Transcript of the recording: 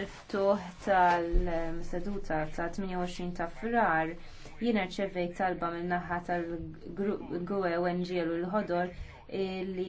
il-ftuħ tal-seduta ta' 28 ta' frar jiena ċevej talba min-naħa tal-gwe NGL u l-ħodor li